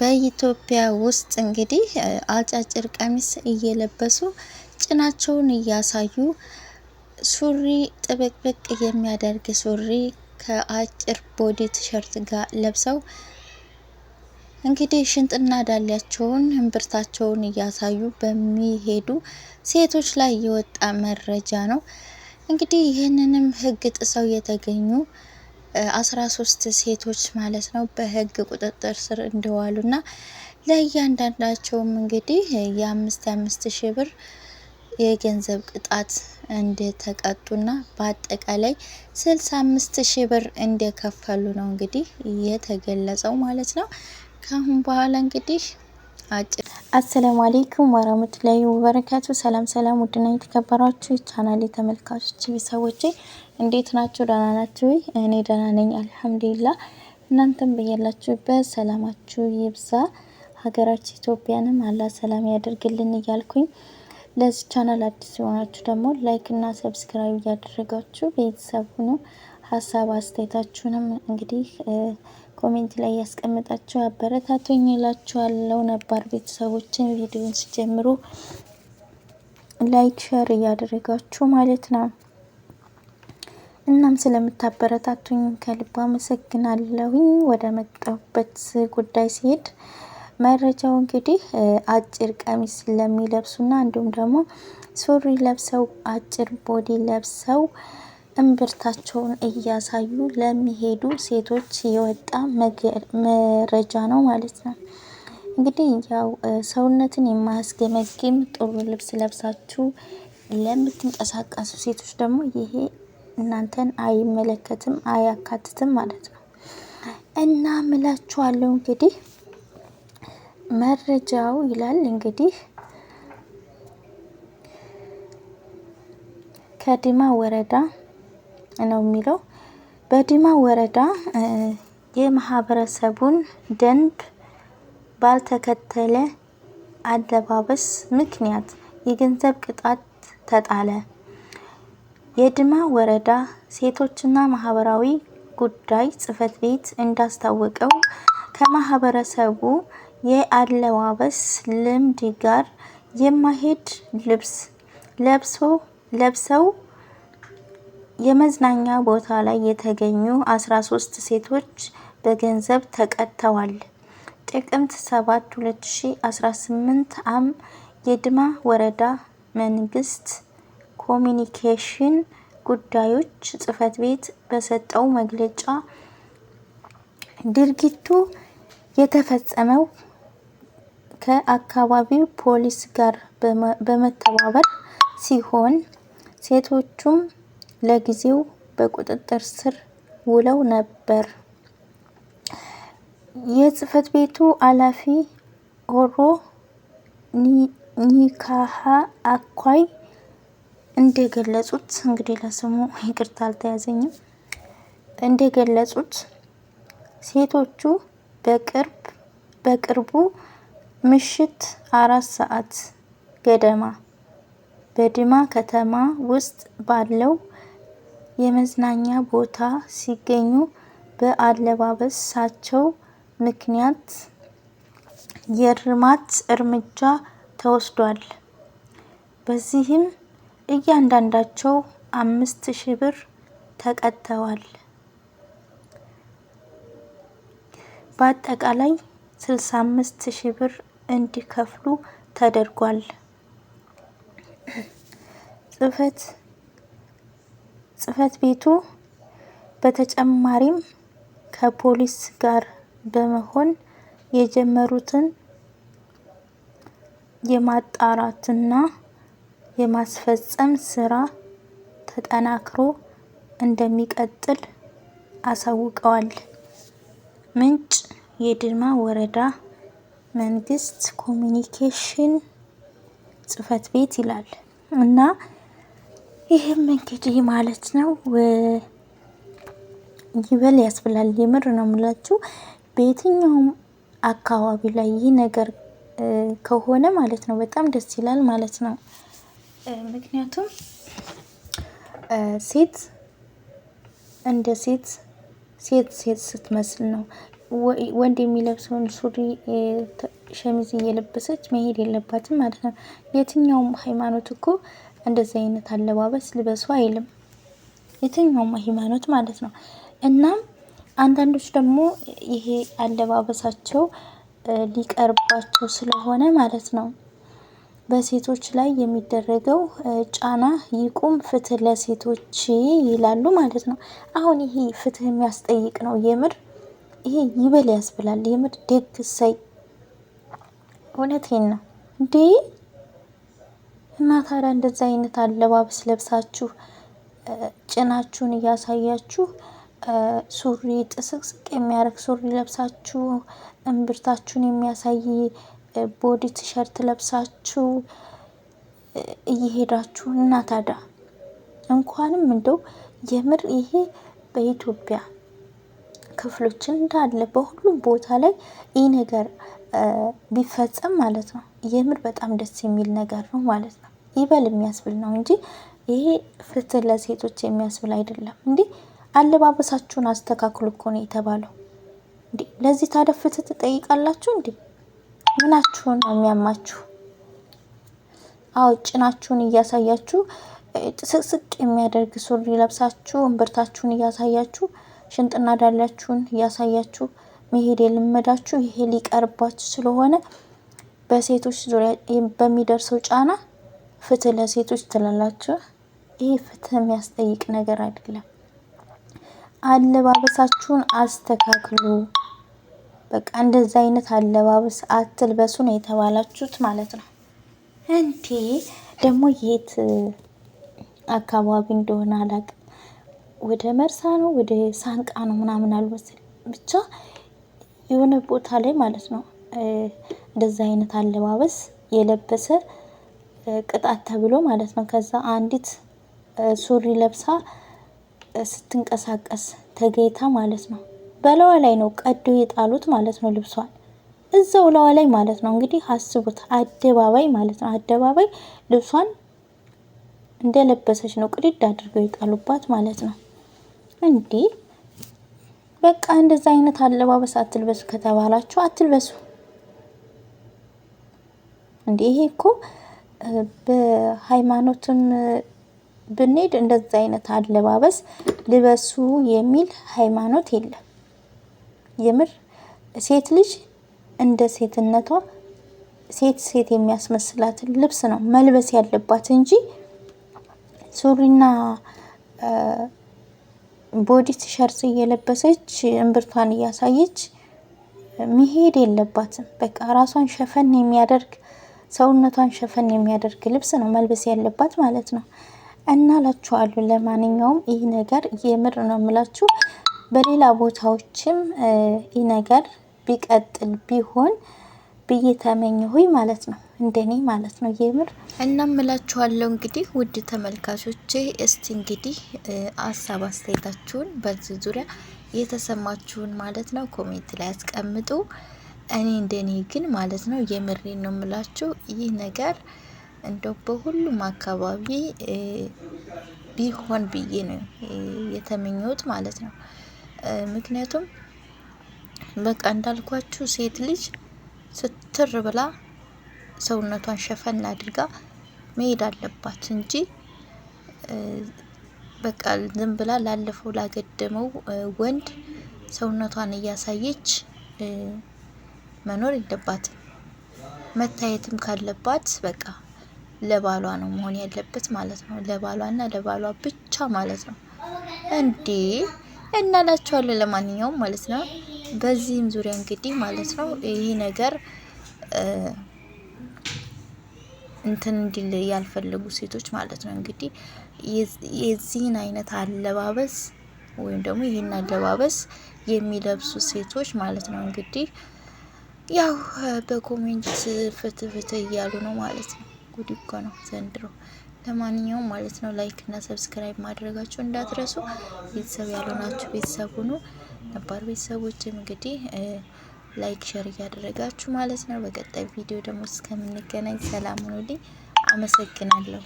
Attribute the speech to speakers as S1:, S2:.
S1: በኢትዮጵያ ውስጥ እንግዲህ አጫጭር ቀሚስ እየለበሱ ጭናቸውን እያሳዩ ሱሪ ጥብቅብቅ የሚያደርግ ሱሪ ከአጭር ቦዲ ቲሸርት ጋር ለብሰው እንግዲህ ሽንጥና ዳሊያቸውን እምብርታቸውን እያሳዩ በሚሄዱ ሴቶች ላይ የወጣ መረጃ ነው። እንግዲህ ይህንንም ሕግ ጥሰው የተገኙ አስራ ሶስት ሴቶች ማለት ነው በህግ ቁጥጥር ስር እንደዋሉ ና ለእያንዳንዳቸውም እንግዲህ የአምስት የአምስት ሺህ ብር የገንዘብ ቅጣት እንደተቀጡና በአጠቃላይ ስልሳ አምስት ሺህ ብር እንደከፈሉ ነው እንግዲህ የተገለጸው ማለት ነው። ከአሁን በኋላ እንግዲህ አጭር
S2: አሰላሙ አሌይኩም ወራህመቱላሂ ወበረካቱ። ሰላም ሰላም፣ ውድና የተከበራችሁ ቻናል የተመልካቾች ሰዎች እንዴት ናችሁ? ደህና ናችሁ? እኔ ደህና ነኝ አልሐምዱሊላ። እናንተም በያላችሁበት ሰላማችሁ ይብዛ። ሀገራችን ኢትዮጵያንም አላህ ሰላም ያደርግልን እያልኩኝ ለዚህ ቻናል አዲስ የሆናችሁ ደግሞ ላይክ እና ሰብስክራይብ እያደረጋችሁ ቤተሰብ ሁኑ። ሀሳብ አስተያየታችሁንም እንግዲህ ኮሜንት ላይ ያስቀምጣችሁ አበረታቶኝ ይላችኋለሁ። ነባር ቤተሰቦችን ቪዲዮን ሲጀምሩ ላይክ፣ ሸር እያደረጋችሁ ማለት ነው። እናም ስለምታበረታቱኝ ከልብ አመሰግናለሁኝ። ወደ መጣሁበት ጉዳይ ሲሄድ መረጃው እንግዲህ አጭር ቀሚስ ለሚለብሱና እንዲሁም ደግሞ ሱሪ ለብሰው አጭር ቦዲ ለብሰው እምብርታቸውን እያሳዩ ለሚሄዱ ሴቶች የወጣ መረጃ ነው ማለት ነው። እንግዲህ ያው ሰውነትን የማያስገመግም ጥሩ ልብስ ለብሳችሁ ለምትንቀሳቀሱ ሴቶች ደግሞ ይሄ እናንተን አይመለከትም አያካትትም ማለት ነው። እና ምላችኋለሁ እንግዲህ መረጃው ይላል እንግዲህ ከድማ ወረዳ ነው የሚለው በዲማ ወረዳ የማህበረሰቡን ደንብ ባልተከተለ አለባበስ ምክንያት የገንዘብ ቅጣት ተጣለ። የድማ ወረዳ ሴቶችና ማህበራዊ ጉዳይ ጽህፈት ቤት እንዳስታወቀው ከማህበረሰቡ የአለባበስ ልምድ ጋር የማይሄድ ልብስ ለብሶ ለብሰው የመዝናኛ ቦታ ላይ የተገኙ 13 ሴቶች በገንዘብ ተቀጥተዋል። ጥቅምት 7 2018 ዓ.ም የድማ ወረዳ መንግስት ኮሚኒኬሽን ጉዳዮች ጽህፈት ቤት በሰጠው መግለጫ ድርጊቱ የተፈጸመው ከአካባቢው ፖሊስ ጋር በመተባበር ሲሆን ሴቶቹም ለጊዜው በቁጥጥር ስር ውለው ነበር። የጽህፈት ቤቱ ኃላፊ ሆሮ ኒካሃ አኳይ እንደገለጹት እንግዲህ ለስሙ ይቅርታ አልተያዘኝም። እንደገለጹት ሴቶቹ በቅርብ በቅርቡ ምሽት አራት ሰዓት ገደማ በድማ ከተማ ውስጥ ባለው የመዝናኛ ቦታ ሲገኙ በአለባበሳቸው ምክንያት የእርማት እርምጃ ተወስዷል። በዚህም እያንዳንዳቸው አምስት ሺህ ብር ተቀጥተዋል። በአጠቃላይ ስልሳ አምስት ሺህ ብር እንዲከፍሉ ተደርጓል። ጽህፈት ጽህፈት ቤቱ በተጨማሪም ከፖሊስ ጋር በመሆን የጀመሩትን የማጣራትና የማስፈጸም ስራ ተጠናክሮ እንደሚቀጥል አሳውቀዋል። ምንጭ የድማ ወረዳ መንግስት ኮሚኒኬሽን ጽህፈት ቤት ይላል እና ይህም እንግዲህ ማለት ነው ይበል ያስብላል። የምር ነው የምላችሁ በየትኛውም አካባቢ ላይ ይህ ነገር ከሆነ ማለት ነው በጣም ደስ ይላል ማለት ነው። ምክንያቱም ሴት እንደ ሴት ሴት ሴት ስትመስል ነው ወንድ የሚለብሰውን ሱሪ ሸሚዝ እየለበሰች መሄድ የለባትም ማለት ነው። የትኛውም ሃይማኖት እኮ እንደዚህ አይነት አለባበስ ልበሱ አይልም የትኛውም ሃይማኖት ማለት ነው። እናም አንዳንዶች ደግሞ ይሄ አለባበሳቸው ሊቀርባቸው ስለሆነ ማለት ነው በሴቶች ላይ የሚደረገው ጫና ይቁም፣ ፍትህ ለሴቶች ይላሉ ማለት ነው። አሁን ይሄ ፍትህ የሚያስጠይቅ ነው። የምር ይሄ ይበል ያስብላል። የምር ደግሳይ እውነቴን ነው እንዴ እና ታዲያ እንደዚ አይነት አለባበስ ለብሳችሁ ጭናችሁን እያሳያችሁ ሱሪ ጥስቅስቅ የሚያደርግ ሱሪ ለብሳችሁ እምብርታችሁን የሚያሳይ ቦዲ ቲሸርት ለብሳችሁ እየሄዳችሁ እና ታዲያ እንኳንም እንደው የምር ይሄ በኢትዮጵያ ክፍሎች እንዳለ በሁሉም ቦታ ላይ ይህ ነገር ቢፈጸም ማለት ነው የምር በጣም ደስ የሚል ነገር ነው ማለት ነው። ይበል የሚያስብል ነው እንጂ ይሄ ፍትህ ለሴቶች የሚያስብል አይደለም። እንዲ አለባበሳችሁን አስተካክሉ እኮ ነው የተባለው። እንዴ ለዚህ ታዲያ ፍትህ ትጠይቃላችሁ እንዴ? ምናችሁን ነው የሚያማችሁ? አዎ ጭናችሁን እያሳያችሁ ጥስቅስቅ የሚያደርግ ሱሪ ለብሳችሁ እምብርታችሁን እያሳያችሁ ሽንጥና ዳላችሁን እያሳያችሁ መሄድ የለመዳችሁ ይሄ ሊቀርባችሁ ስለሆነ በሴቶች ዙሪያ በሚደርሰው ጫና ፍትህ ለሴቶች ትላላችሁ? ይህ ፍትህ የሚያስጠይቅ ነገር አይደለም። አለባበሳችሁን አስተካክሉ። በቃ እንደዚህ አይነት አለባበስ አትልበሱ ነው የተባላችሁት ማለት ነው። እንዴ ደግሞ የት አካባቢ እንደሆነ አላውቅም። ወደ መርሳ ነው ወደ ሳንቃ ነው ምናምን አልመስል ብቻ የሆነ ቦታ ላይ ማለት ነው እንደዚህ አይነት አለባበስ የለበሰ ቅጣት ተብሎ ማለት ነው። ከዛ አንዲት ሱሪ ለብሳ ስትንቀሳቀስ ተገይታ ማለት ነው። በለዋ ላይ ነው ቀዶ የጣሉት ማለት ነው ልብሷን እዛው ለዋ ላይ ማለት ነው። እንግዲህ አስቡት፣ አደባባይ ማለት ነው። አደባባይ ልብሷን እንደለበሰች ነው ቅድድ አድርገው የጣሉባት ማለት ነው። እንዲህ በቃ እንደዛ አይነት አለባበስ አትልበሱ ከተባላችሁ አትልበሱ። እንዲህ ይሄ እኮ በሃይማኖትም ብንሄድ እንደዛ አይነት አለባበስ ልበሱ የሚል ሃይማኖት የለም። የምር ሴት ልጅ እንደ ሴትነቷ ሴት ሴት የሚያስመስላትን ልብስ ነው መልበስ ያለባት እንጂ ሱሪና ቦዲ ቲሸርት እየለበሰች እምብርቷን እያሳየች መሄድ የለባትም። በቃ ራሷን ሸፈን የሚያደርግ ሰውነቷን ሸፈን የሚያደርግ ልብስ ነው መልበስ ያለባት ማለት ነው። እና ላችኋለሁ። ለማንኛውም ይህ ነገር የምር ነው የምላችሁ። በሌላ ቦታዎችም ይህ ነገር ቢቀጥል ቢሆን ብዬ ተመኘሁኝ ማለት ነው፣ እንደኔ ማለት ነው የምር
S1: እና ምላችኋለሁ። እንግዲህ ውድ ተመልካቾቼ እስቲ እንግዲህ አሳብ አስተያየታችሁን በዚህ ዙሪያ የተሰማችሁን ማለት ነው ኮሜንት ላይ አስቀምጡ። እኔ እንደኔ ግን ማለት ነው የምሬን ነው የምላችሁ ይህ ነገር እንደው በሁሉም አካባቢ ቢሆን ብዬ ነው የተመኘሁት ማለት ነው። ምክንያቱም በቃ እንዳልኳችሁ ሴት ልጅ ስትር ብላ ሰውነቷን ሸፈን አድርጋ መሄድ አለባት እንጂ በቃ ዝም ብላ ላለፈው ላገደመው ወንድ ሰውነቷን እያሳየች መኖር የለባትም። መታየትም ካለባት በቃ ለባሏ ነው መሆን ያለበት ማለት ነው። ለባሏና ለባሏ ብቻ ማለት ነው እንዴ እናላችኋለን። ለማንኛውም ማለት ነው በዚህም ዙሪያ እንግዲህ ማለት ነው ይህ ነገር እንትን እንዲል ያልፈለጉ ሴቶች ማለት ነው እንግዲህ የዚህን አይነት አለባበስ ወይም ደግሞ ይህን አለባበስ የሚለብሱ ሴቶች ማለት ነው እንግዲህ ያው በኮሜንት ፍትፍት እያሉ ነው ማለት ነው። ጉድ እኮ ነው ዘንድሮ። ለማንኛውም ማለት ነው ላይክ እና ሰብስክራይብ ማድረጋችሁ እንዳትረሱ። ቤተሰብ ያልሆናችሁ ቤተሰብ ሁኑ። ነባር ቤተሰቦችም እንግዲህ ላይክ ሸር እያደረጋችሁ ማለት ነው። በቀጣይ ቪዲዮ ደግሞ እስከምንገናኝ ሰላም ሁኑልኝ። አመሰግናለሁ።